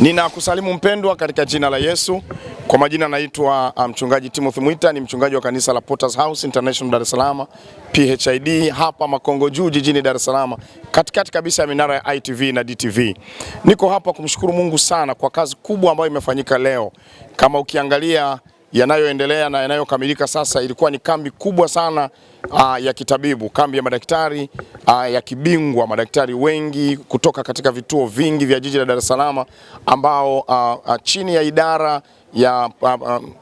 Ninakusalimu mpendwa katika jina la Yesu. Kwa majina naitwa uh, mchungaji Timothy Mwita, ni mchungaji wa kanisa la Potter's House International Dar es Salaam PHID hapa Makongo Juu jijini Dar es Salaam, katikati kabisa ya minara ya ITV na DTV. Niko hapa kumshukuru Mungu sana kwa kazi kubwa ambayo imefanyika leo. Kama ukiangalia yanayoendelea na yanayokamilika sasa, ilikuwa ni kambi kubwa sana aa, ah, ya kitabibu, kambi ya madaktari aa, ah, ya kibingwa, madaktari wengi kutoka katika vituo vingi vya jiji la Dar es Salaam ambao aa, ah, chini ya idara ya um, um,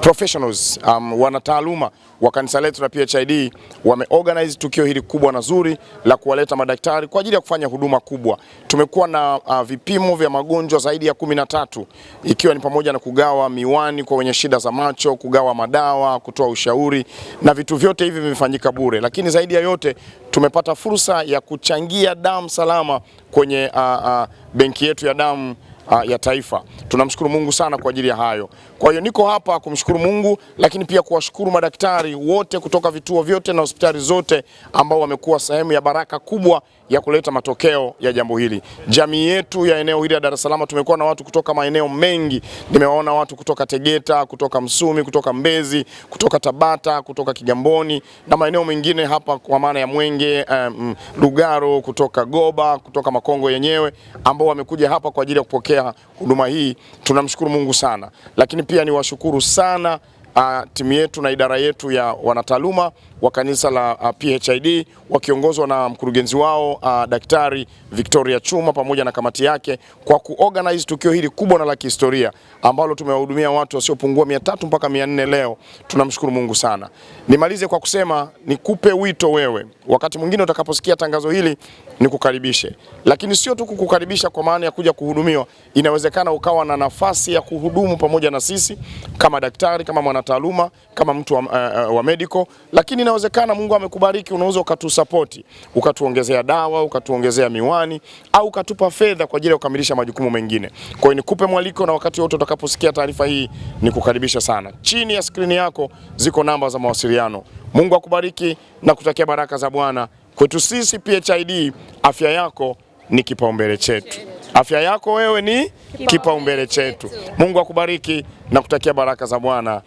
professionals um, wanataaluma wa kanisa letu la PHID wameorganize tukio hili kubwa na zuri la kuwaleta madaktari kwa ajili ya kufanya huduma kubwa. Tumekuwa na uh, vipimo vya magonjwa zaidi ya kumi na tatu ikiwa ni pamoja na kugawa miwani kwa wenye shida za macho, kugawa madawa, kutoa ushauri na vitu vyote hivi vimefanyika bure, lakini zaidi ya yote tumepata fursa ya kuchangia damu salama kwenye uh, uh, benki yetu ya damu Ah, ya taifa. Tunamshukuru Mungu sana kwa ajili ya hayo. Kwa hiyo niko hapa kumshukuru Mungu, lakini pia kuwashukuru madaktari wote kutoka vituo vyote na hospitali zote ambao wamekuwa sehemu ya baraka kubwa ya kuleta matokeo ya jambo hili. Jamii yetu ya eneo hili ya Dar es Salaam tumekuwa na watu kutoka maeneo mengi. Nimewaona watu kutoka Tegeta, kutoka Msumi, kutoka Mbezi, kutoka Tabata, kutoka Kigamboni na maeneo mengine hapa kwa maana ya Mwenge, um, Lugaro, kutoka Goba, kutoka Makongo yenyewe ambao wamekuja hapa kwa ajili ya kupokea huduma hii. Tunamshukuru Mungu sana. Lakini pia niwashukuru sana a, ah, timu yetu na idara yetu ya wanataaluma wa kanisa la a, ah, PHID wakiongozwa na mkurugenzi wao a, ah, Daktari Victoria Chuma pamoja na kamati yake kwa kuorganize tukio hili kubwa na la kihistoria ambalo tumewahudumia watu wasiopungua mia tatu mpaka mia leo. Tunamshukuru Mungu sana. Nimalize kwa kusema nikupe wito wewe, wakati mwingine utakaposikia tangazo hili nikukaribishe, lakini sio tu kukukaribisha kwa maana ya kuja kuhudumiwa. Inawezekana ukawa na nafasi ya kuhudumu pamoja na sisi kama daktari, kama mwanataaluma, kama mtu wa, uh, wa medical, lakini inawezekana Mungu amekubariki, unaweza ukatusapoti, ukatuongezea dawa, ukatuongezea miwani au ukatupa fedha kwa ajili ya kukamilisha majukumu mengine. Kwa hiyo nikupe mwaliko, na wakati wote utakaposikia taarifa hii nikukaribisha sana. Chini ya skrini yako ziko namba za mawasiliano. Mungu akubariki na kutakia baraka za Bwana. Kwetu sisi PHID, afya yako ni kipaumbele chetu. Afya yako wewe ni kipaumbele chetu. Mungu akubariki na kutakia baraka za Bwana.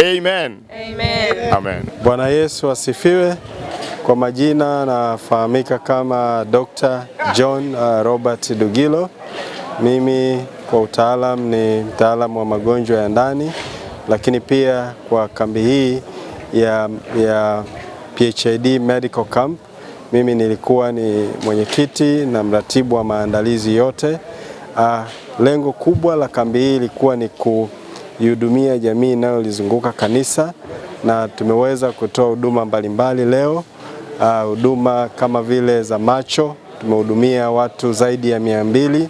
Amen. Amen. Amen. Bwana Yesu asifiwe. Kwa majina nafahamika kama Dr. John uh, Robert Dugilo. Mimi kwa utaalam ni mtaalamu wa magonjwa ya ndani, lakini pia kwa kambi hii ya, ya PHID Medical Camp mimi nilikuwa ni mwenyekiti na mratibu wa maandalizi yote. Ah, lengo kubwa la kambi hii ilikuwa ni kuihudumia jamii inayolizunguka kanisa na tumeweza kutoa huduma mbalimbali leo. Ah, huduma ah, kama vile za macho tumehudumia watu zaidi ya mia mbili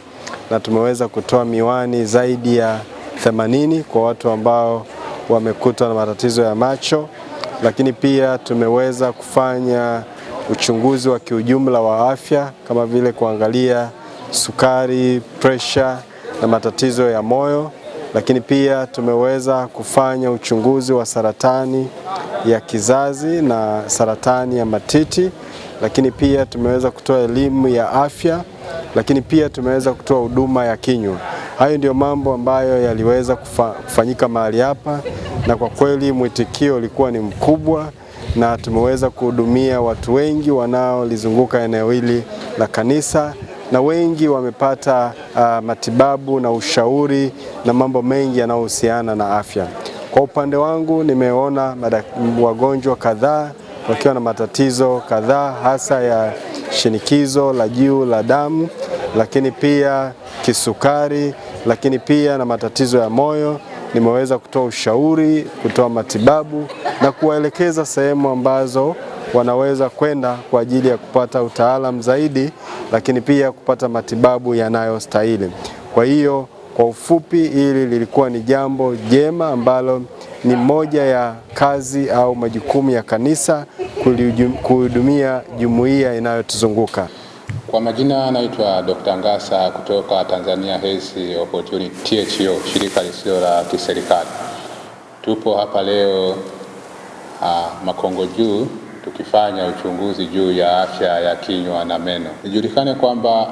na tumeweza kutoa miwani zaidi ya themanini kwa watu ambao wamekutwa na matatizo ya macho, lakini pia tumeweza kufanya uchunguzi wa kiujumla wa afya kama vile kuangalia sukari, presha na matatizo ya moyo, lakini pia tumeweza kufanya uchunguzi wa saratani ya kizazi na saratani ya matiti, lakini pia tumeweza kutoa elimu ya afya, lakini pia tumeweza kutoa huduma ya kinywa. Hayo ndiyo mambo ambayo yaliweza kufa, kufanyika mahali hapa, na kwa kweli mwitikio ulikuwa ni mkubwa na tumeweza kuhudumia watu wengi wanaolizunguka eneo hili la kanisa na wengi wamepata uh, matibabu na ushauri na mambo mengi yanayohusiana na afya. Kwa upande wangu nimeona wagonjwa kadhaa wakiwa na matatizo kadhaa hasa ya shinikizo la juu la damu, lakini pia kisukari, lakini pia na matatizo ya moyo. Nimeweza kutoa ushauri, kutoa matibabu na kuwaelekeza sehemu ambazo wanaweza kwenda kwa ajili ya kupata utaalamu zaidi, lakini pia kupata matibabu yanayostahili. Kwa hiyo kwa ufupi, hili lilikuwa ni jambo jema ambalo ni moja ya kazi au majukumu ya kanisa kuhudumia jumuiya inayotuzunguka. Kwa majina anaitwa Dr. Ngasa kutoka Tanzania Health Opportunity THO, shirika lisilo la kiserikali. Tupo hapa leo Ah, Makongo juu tukifanya uchunguzi juu ya afya ya kinywa na meno. Ijulikane kwamba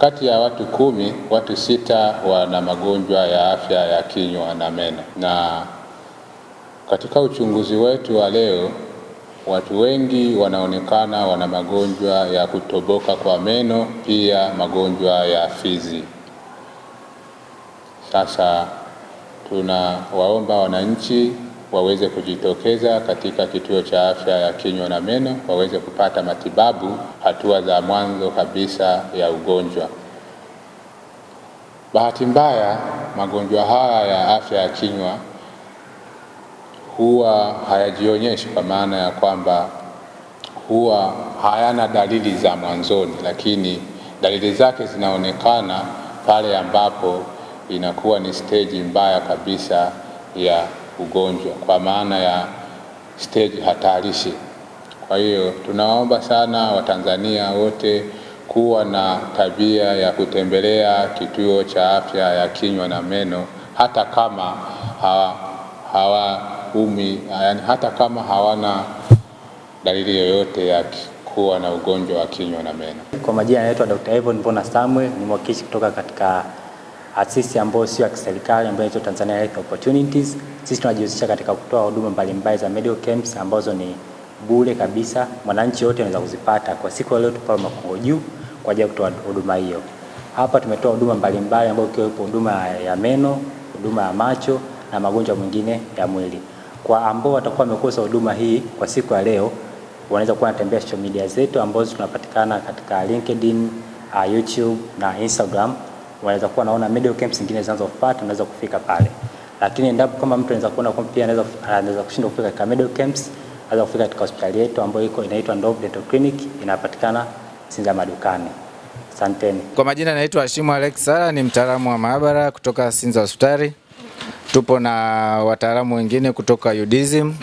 kati ya watu kumi, watu sita wana magonjwa ya afya ya kinywa na meno, na katika uchunguzi wetu wa leo watu wengi wanaonekana wana magonjwa ya kutoboka kwa meno, pia magonjwa ya fizi. Sasa tunawaomba wananchi waweze kujitokeza katika kituo cha afya ya kinywa na meno waweze kupata matibabu hatua za mwanzo kabisa ya ugonjwa. Bahati mbaya, magonjwa haya ya afya ya kinywa huwa hayajionyeshi kwa maana ya kwamba huwa hayana dalili za mwanzoni, lakini dalili zake zinaonekana pale ambapo inakuwa ni steji mbaya kabisa ya ugonjwa kwa maana ya stage hatarishi. Kwa hiyo tunaomba sana Watanzania wote kuwa na tabia ya kutembelea kituo cha afya ya kinywa na meno hata kama hawa, hawa umi, yani hata kama hawana dalili yoyote ya kuwa na ugonjwa wa kinywa na meno. Kwa majina anaitwa Dr. Evan Mbona ni mwakilishi kutoka katika asisi ambayo sio ya kiserikali ambayo inaitwa Tanzania Health Opportunities. Sisi tunajihusisha katika kutoa huduma mbalimbali za medical camps ambazo ni bure kabisa, mwananchi yote anaweza kuzipata. Kwa siku leo tupo Makongo juu kwa ajili ya kutoa huduma hiyo. Hapa tumetoa huduma mbalimbali ambayo ikiwepo huduma ya meno, huduma ya macho na magonjwa mengine ya mwili. Kwa ambao watakuwa wamekosa huduma hii kwa siku ya leo, wanaweza kuwa wanatembea social media zetu ambazo tunapatikana katika LinkedIn, uh, YouTube na Instagram wanaweza kuwa naona medical camps zingine zinazofata, unaweza kufika pale. Lakini endapo kama mtu anaweza kuona kwamba pia anaweza anaweza kushindwa kufika katika medical camps, anaweza kufika katika hospitali yetu ambayo iko inaitwa Ndovu Dental Clinic, inapatikana Sinza Madukani. Asanteni. Kwa majina naitwa Hashimu Alex Sala, ni mtaalamu wa maabara kutoka Sinza Hospitali. Tupo na wataalamu wengine kutoka UDSM.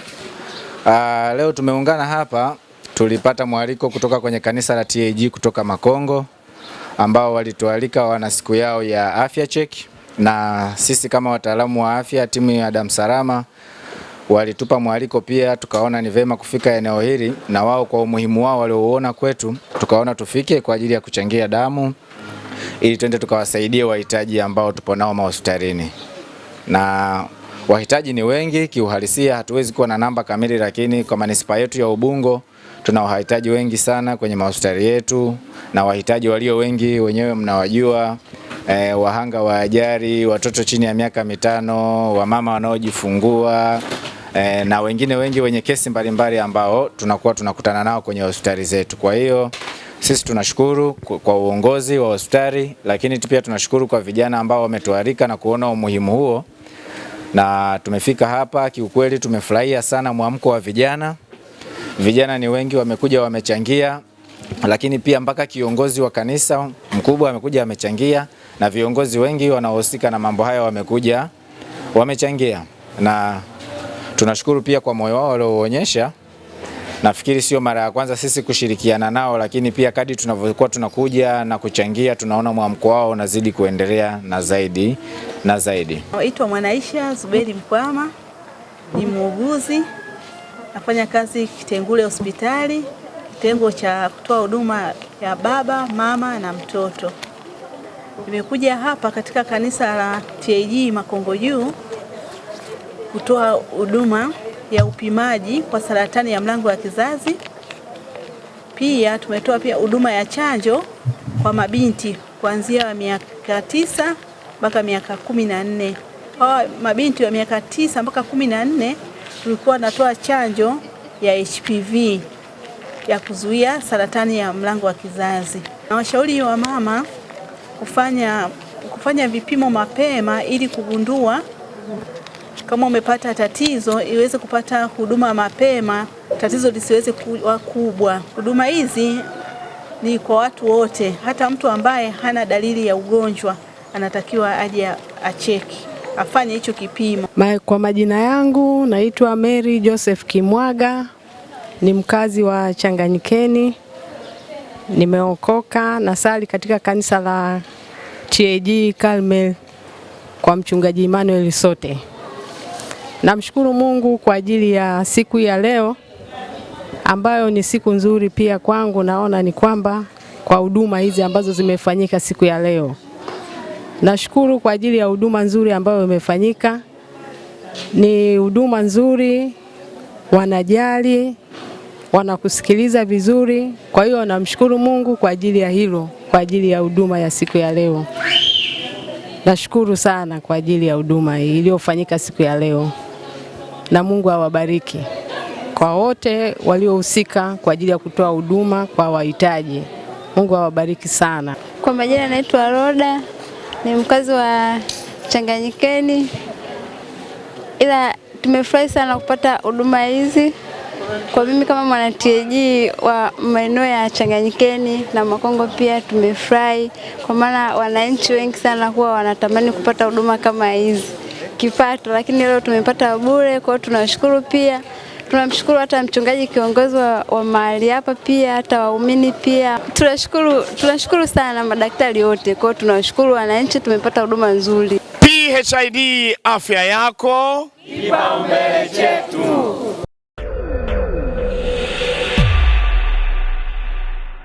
Ah, leo tumeungana hapa, tulipata mwaliko kutoka kwenye kanisa la TAG kutoka Makongo ambao walitualika wana siku yao ya afya check, na sisi kama wataalamu wa afya timu ya Damu Salama walitupa mwaliko pia, tukaona ni vema kufika eneo hili, na wao kwa umuhimu wao waliouona kwetu, tukaona tufike kwa ajili ya kuchangia damu ili twende tukawasaidie wahitaji ambao tupo nao mahospitalini, na wahitaji ni wengi kiuhalisia, hatuwezi kuwa na namba kamili, lakini kwa manispaa yetu ya Ubungo tuna wahitaji wengi sana kwenye mahospitali yetu, na wahitaji walio wengi wenyewe mnawajua e, wahanga wa ajali, watoto chini ya miaka mitano, wamama wanaojifungua e, na wengine wengi wenye kesi mbalimbali ambao tunakuwa tunakutana nao kwenye hospitali zetu. Kwa hiyo sisi tunashukuru kwa uongozi wa hospitali, lakini pia tunashukuru kwa vijana ambao wametualika na kuona umuhimu huo, na tumefika hapa. Kiukweli tumefurahia sana mwamko wa vijana vijana ni wengi, wamekuja wamechangia, lakini pia mpaka kiongozi wa kanisa mkubwa amekuja amechangia, na viongozi wengi wanaohusika na mambo haya wamekuja wamechangia, na tunashukuru pia kwa moyo wao walioonyesha. Nafikiri sio mara ya kwanza sisi kushirikiana nao, lakini pia kadri tunavyokuwa tunakuja na kuchangia, tunaona mwamko wao unazidi kuendelea na zaidi na zaidi. Naitwa Mwanaisha Zuberi Mkwama, ni muuguzi nafanya kazi Kitengule hospitali, kitengo cha kutoa huduma ya baba mama na mtoto. Nimekuja hapa katika kanisa la TAG Makongo Juu kutoa huduma ya upimaji kwa saratani ya mlango wa kizazi. Pia tumetoa pia huduma ya chanjo kwa mabinti kuanzia miaka tisa mpaka miaka kumi na nne. Hawa mabinti wa miaka tisa mpaka kumi na nne tulikuwa natoa chanjo ya HPV ya kuzuia saratani ya mlango wa kizazi. Na washauri wa mama kufanya, kufanya vipimo mapema ili kugundua kama umepata tatizo iweze kupata huduma mapema, tatizo lisiweze kuwa kubwa. Huduma hizi ni kwa watu wote, hata mtu ambaye hana dalili ya ugonjwa anatakiwa aje acheki afanye hicho kipimo. Kwa majina yangu naitwa Mary Joseph Kimwaga, ni mkazi wa Changanyikeni, nimeokoka na sali katika kanisa la TAG Carmel kwa mchungaji Emmanuel Sote. Namshukuru Mungu kwa ajili ya siku ya leo ambayo ni siku nzuri pia kwangu. Naona ni kwamba kwa huduma hizi ambazo zimefanyika siku ya leo Nashukuru kwa ajili ya huduma nzuri ambayo imefanyika. Ni huduma nzuri, wanajali, wanakusikiliza vizuri. Kwa hiyo namshukuru Mungu kwa ajili ya hilo, kwa ajili ya huduma ya siku ya leo. Nashukuru sana kwa ajili ya huduma iliyofanyika siku ya leo, na Mungu awabariki kwa wote waliohusika kwa ajili ya kutoa huduma kwa wahitaji. Mungu awabariki sana. Kwa majina naitwa Roda ni mkazi wa Changanyikeni, ila tumefurahi sana kupata huduma hizi. Kwa mimi kama mwana TAG wa maeneo ya Changanyikeni na Makongo pia tumefurahi, kwa maana wananchi wengi sana kuwa wanatamani kupata huduma kama hizi kipato, lakini leo tumepata bure, kwa hiyo tunashukuru pia. Tunamshukuru hata mchungaji kiongozi wa, wa mahali hapa pia hata waumini pia tunashukuru, tunashukuru sana madaktari wote. Kwa hiyo tunawashukuru wananchi, tumepata huduma nzuri. PHID afya yako kipaumbele chetu.